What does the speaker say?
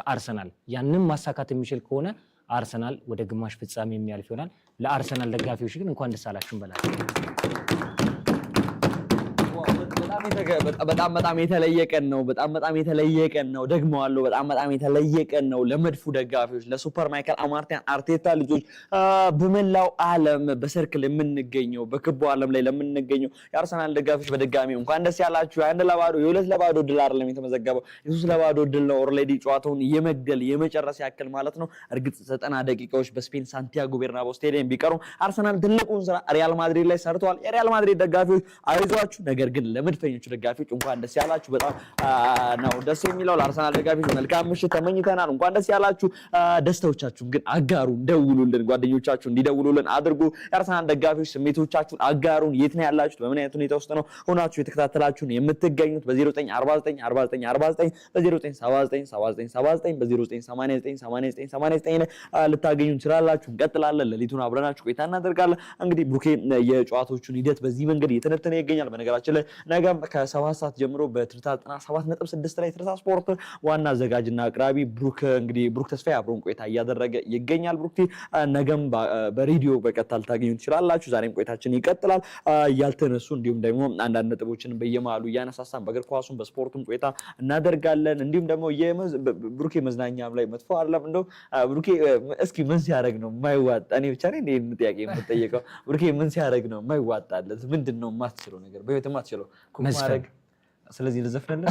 ከአርሰናል ያንን ማሳካት የሚችል ከሆነ አርሰናል ወደ ግማሽ ፍጻሜ የሚያልፍ ይሆናል። ለአርሰናል ደጋፊዎች ግን እንኳን ደስ አላችሁ እንበላለን። በጣም በጣም የተለየ ቀን ነው። በጣም በጣም የተለየ ቀን ነው። ደግመዋለሁ። በጣም በጣም የተለየ ቀን ነው። ለመድፉ ደጋፊዎች፣ ለሱፐር ማይከል አማርቲያን አርቴታ ልጆች፣ በመላው ዓለም በሰርክል የምንገኘው በክቡ ዓለም ላይ ለምንገኘው የአርሰናል ደጋፊዎች በድጋሚ እንኳን ደስ ያላችሁ። የአንድ ለባዶ የሁለት ለባዶ ድል አይደለም የተመዘገበው የሶስት ለባዶ ድል ነው። ኦልሬዲ ጨዋታውን የመግደል የመጨረስ ያክል ማለት ነው። እርግጥ ዘጠና ደቂቃዎች በስፔን ሳንቲያጎ ቤርናቦ ስቴዲየም ቢቀሩ አርሰናል ትልቁን ስራ ሪያል ማድሪድ ላይ ሰርተዋል። የሪያል ማድሪድ ደጋፊዎች አይዟችሁ። ነገር ግን ለመድፈ ለስፔኞቹ ደጋፊዎች እንኳን ደስ ያላችሁ። በጣም ነው ደስ የሚለው። ለአርሰናል ደጋፊዎች መልካም ምሽት ተመኝተናል። እንኳን ደስ ያላችሁ። ደስታዎቻችሁን ግን አጋሩን፣ ደውሉልን፣ ጓደኞቻችሁ እንዲደውሉልን አድርጉ። የአርሰናል ደጋፊዎች ስሜቶቻችሁን አጋሩን። የት ነው ያላችሁት? በምን አይነት ሁኔታ ውስጥ ነው ሆናችሁ የተከታተላችሁን የምትገኙት? በ09494949 በ09797979 በ ልታገኙ እንችላላችሁ። እንቀጥላለን። ሌሊቱን አብረናችሁ ቆይታ እናደርጋለን። እንግዲህ ቡኬ የጨዋታዎቹን ሂደት በዚህ መንገድ እየተነተነ ይገኛል። በነገራችን ላይ ነገም ከሰባት ሰዓት ጀምሮ በትርታ 97.6 ላይ ትርታ ስፖርት ዋና አዘጋጅና አቅራቢ ብሩክ እንግዲህ ብሩክ ተስፋዬ አብሮን ቆይታ እያደረገ ይገኛል። ብሩክቲ ነገም በሬዲዮ በቀጥታ ልታገኙ ትችላላችሁ። ዛሬም ቆይታችን ይቀጥላል። ያልተነሱ እንዲሁም ደግሞ አንዳንድ ነጥቦችን በየመሃሉ እያነሳሳን በእግር ኳሱን በስፖርቱም ቆይታ እናደርጋለን። እንዲሁም ደግሞ ብሩኬ መዝናኛም ላይ መጥፎ አይደለም። እንደው ብሩኬ እስኪ ምን ሲያደርግ ነው የማይዋጣ? እኔ ብቻ ነኝ ይህን ጥያቄ የምጠየቀው። ብሩኬ ምን ሲያደርግ ነው የማይዋጣለት? ምንድን ነው የማትችለው ነገር በህይወት የማትችለው መዝፈን ስለዚህ ልዘፍንልን